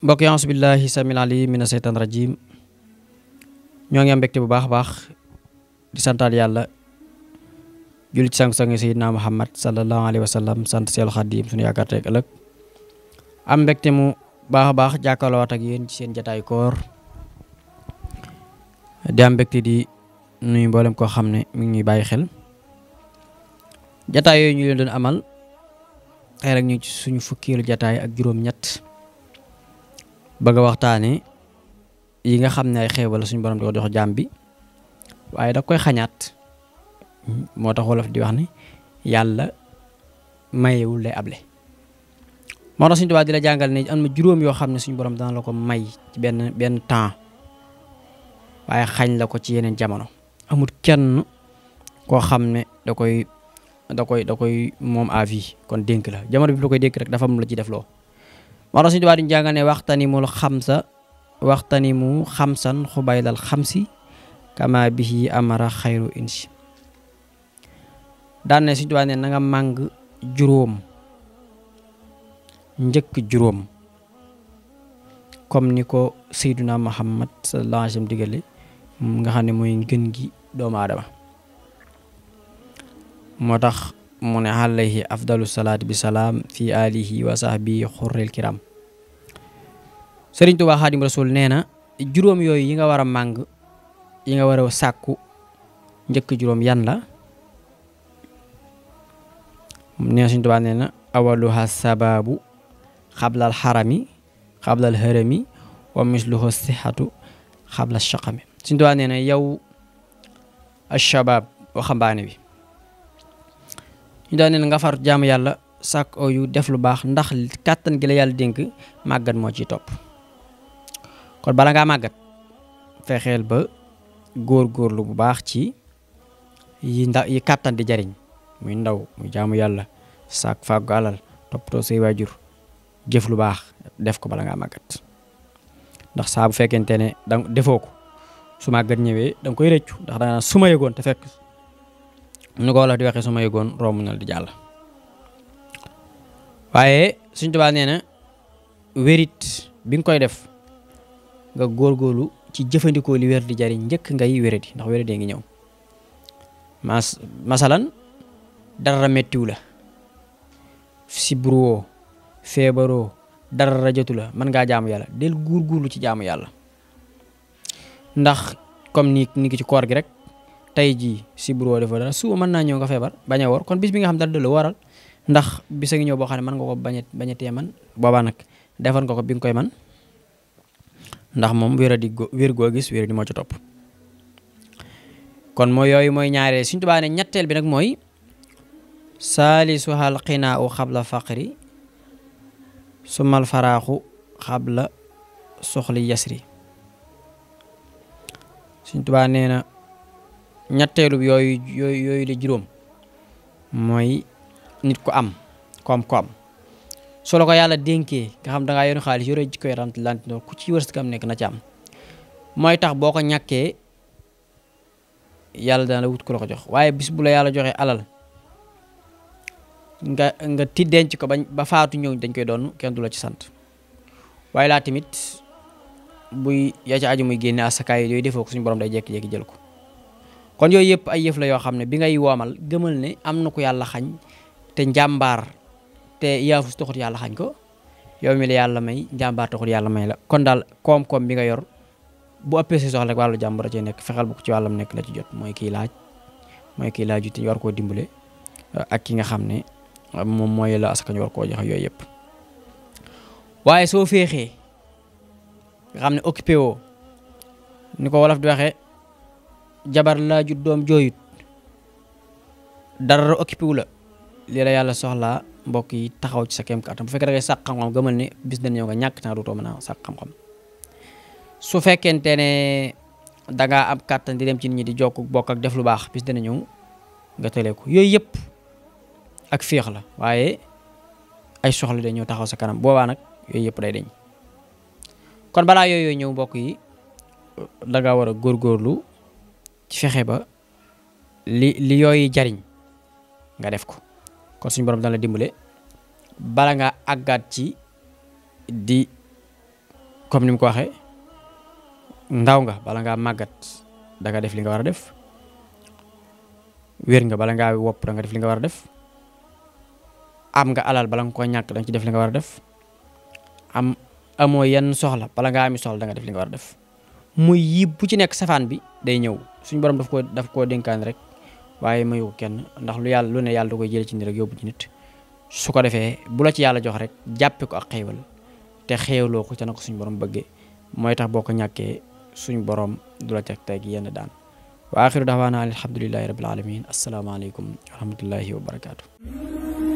mbok yaa billahi samil ali min seytaan rajim ñoo ngi am mbégte bu baax baax di santal yalla julit sang sang-sangi muhammad sallallahu alaihi wasallam sallam sant seelu khadim sunu Ambek timu ëllëg am mbégte mu baax baax wat ak yeen ci seen jotaay koor di am mbégte di nuy mbolam ko xamne mi ngi xel jotaay ñu leen amal tey rek ñu ci suñu fukkiilu jotaay ak juroom ñett bëgg a waxtaane yi nga xam ne ay wala suñu borom di ko jox jaam bi waaye da koy xañaat moo tax wolof di wax ni yàlla mayewul lay able moo tax suñu tubaab di la jàngal ne am na juróom yoo xam ne suñu borom dana la ko may ci benn benn temps waaye xañ la ko ci yeneen jamono amul kenn koo xam ne da koy da koy da koy moom à vie kon dénk la jamono bi la koy dénk rek dafa am la ci def loo moo tax suñu tubaab diñu jànga ya waktu waxtanimul xamsa waxtanimu xamsan xubaylal khamsi kama bihi amara khairu insi Dan ne ya suñu tubaab ne na nga màng juróom comme ko Muhammad sallallahu alaihi wasallam digele, digale nga gi mu ne alayhi afdalu salaat bi salaam fi alihi wa sahbi xurril kiram sëriñ Tuubaa xaadim rasul nee na juróom yooyu yi nga war a màng yi nga war a sàkku njëkk juróom yan la nee sëriñ Tuubaa nee na awaluha sababu xablal xarami xablal hërami wa misluhu sixatu xablal shaqami sëriñ Tuubaa nee na yow ashabaab waxambaane bi ñu daal neen nga far jaamu yàlla sàkk oyu def lu baax ndax kàttan gi la yàlla dénk màggat moo ci topp kon bala ngaa màggat fexeel ba góor lu bu baax ci yi nda yi kàttan di jariñ muy ndaw muy jaamu yàlla sàkk fàggu alal toppatoo say waajur jëf lu baax def ko bala ngaa màggat ndax saa bu fekkente ne da defoo ko su màggat ñëwee da nga koy rëccu ndax da nga suma te fekk nu ko wolof di waxee su ma yëgoon romb na di jàll waaye Sëñ Tuubaa nee na wérit bi nga koy def nga góorgóorlu ci jëfandikoo li wér di jariñ njëkk ngay wéradi ndax wéradi ngi ñëw mas masalan dara mettiwu la sibruwoo feebaroo dara jotu la mën ngaa jaamu yàlla del góorgóorlu ci jaamu yàlla ndax comme ni ni ngi ci koor gi rek tay ji si bro woo defoo dara suba mën naa nga febar baña wor kon bis bi nga xam dara de waral ndax bis nga ngi bo xane man nga ko baña baña te man boba nak defal nga ko bi nga koy man ndax mom wera di wer go gis wér di mo ci top kon mooy yoy moy ñaare suñ tubaa ne ñettel bi nak moy salisu hal u qabla faqri al faraaxu qabla sukhli yasri suñ tubaa neena ñettelu yooyu yooyu yooyu le juróom moy nit ko am kom kom su la ko yalla dénkee nga xam da ngaa yoon xaalis yore jikko yaram lant ku ci kam nek na ci am moy tax boko ñaké yalla da la wut ko lako jox waye bis bu la yalla joxe alal nga nga ti denc ko ba faatu ñew dañ koy doon kën du la ci sant waye la timit buy ya ci aju muy genn asakaay yoy defoo ko suñu borom day jek jek jël ko kon yoy yep ay yef la yo xamne ne bi ngay womal gëmal ne am ko yalla xagn te jambar te yaafus taxut yalla xagn ko yow mi la yàlla may njàmbaar taxut yalla may la kon dal kom kom bi nga yor bu ëppee ci soxla rek wàllu jàmbur a cee nekk bu ci walam nek la ci jot moy ki laaj moy ki laaj te war ko dimbulé uh, ak ki nga xamne ne uh, moy la askan war ko jox yoy yep waye so fexé nga xamne ne occupé wo niko wala wolof di jabar laaju doom jooyut dara occupé wu la lii la yàlla soxla mbokk yi taxaw ci sa kéem kàttan bu fekk da ngay sàq xam-xam gëmal ne bis dañ ñëw nga ñàkk temps dootoo mën a sax xam-xam su fekkente ne dangaa am kàttan di dem ci nit ñi di jokk bokk ak def lu baax bis dana ñëw nga tëlee ko yooyu yëpp ak féex la waaye ay soxla dañoo taxaw sa kanam boobaa nag yooyu yëpp day deñ kon balaa yooyu ñëw mbokk yi dangaa war fexé ba li li yoy jariñ nga def ko kon suñu borom dana la bala nga agat ci di comme nim ko waxé ndaw nga bala nga magat da nga def li nga wara def wër nga bala nga wop da nga def li nga wara def am nga alal bala nga ko ñak da nga ci def li nga wara def am amo yenn soxla bala nga ami soxla da nga def li nga wara def muy yi bu ci nekk safaan bi day ñëw suñu borom daf ko daf koo dénkaan rek waaye mayu ko kenn ndax lu yàlla lu ne yàlla da koy jëlee ci nit rek bu ci nit su ko defee bu la ci yàlla jox rek jàppe ko ak xéewal te xéewloo ko ca na ko suñu borom bëggee mooy tax boo ko ñàkkee suñu borom du la teg tey gi yenn daan wa axiru daawaana alhamdulillahi rabbil alamin asalaamaaleykum wa rahmatullahi wa barakaatu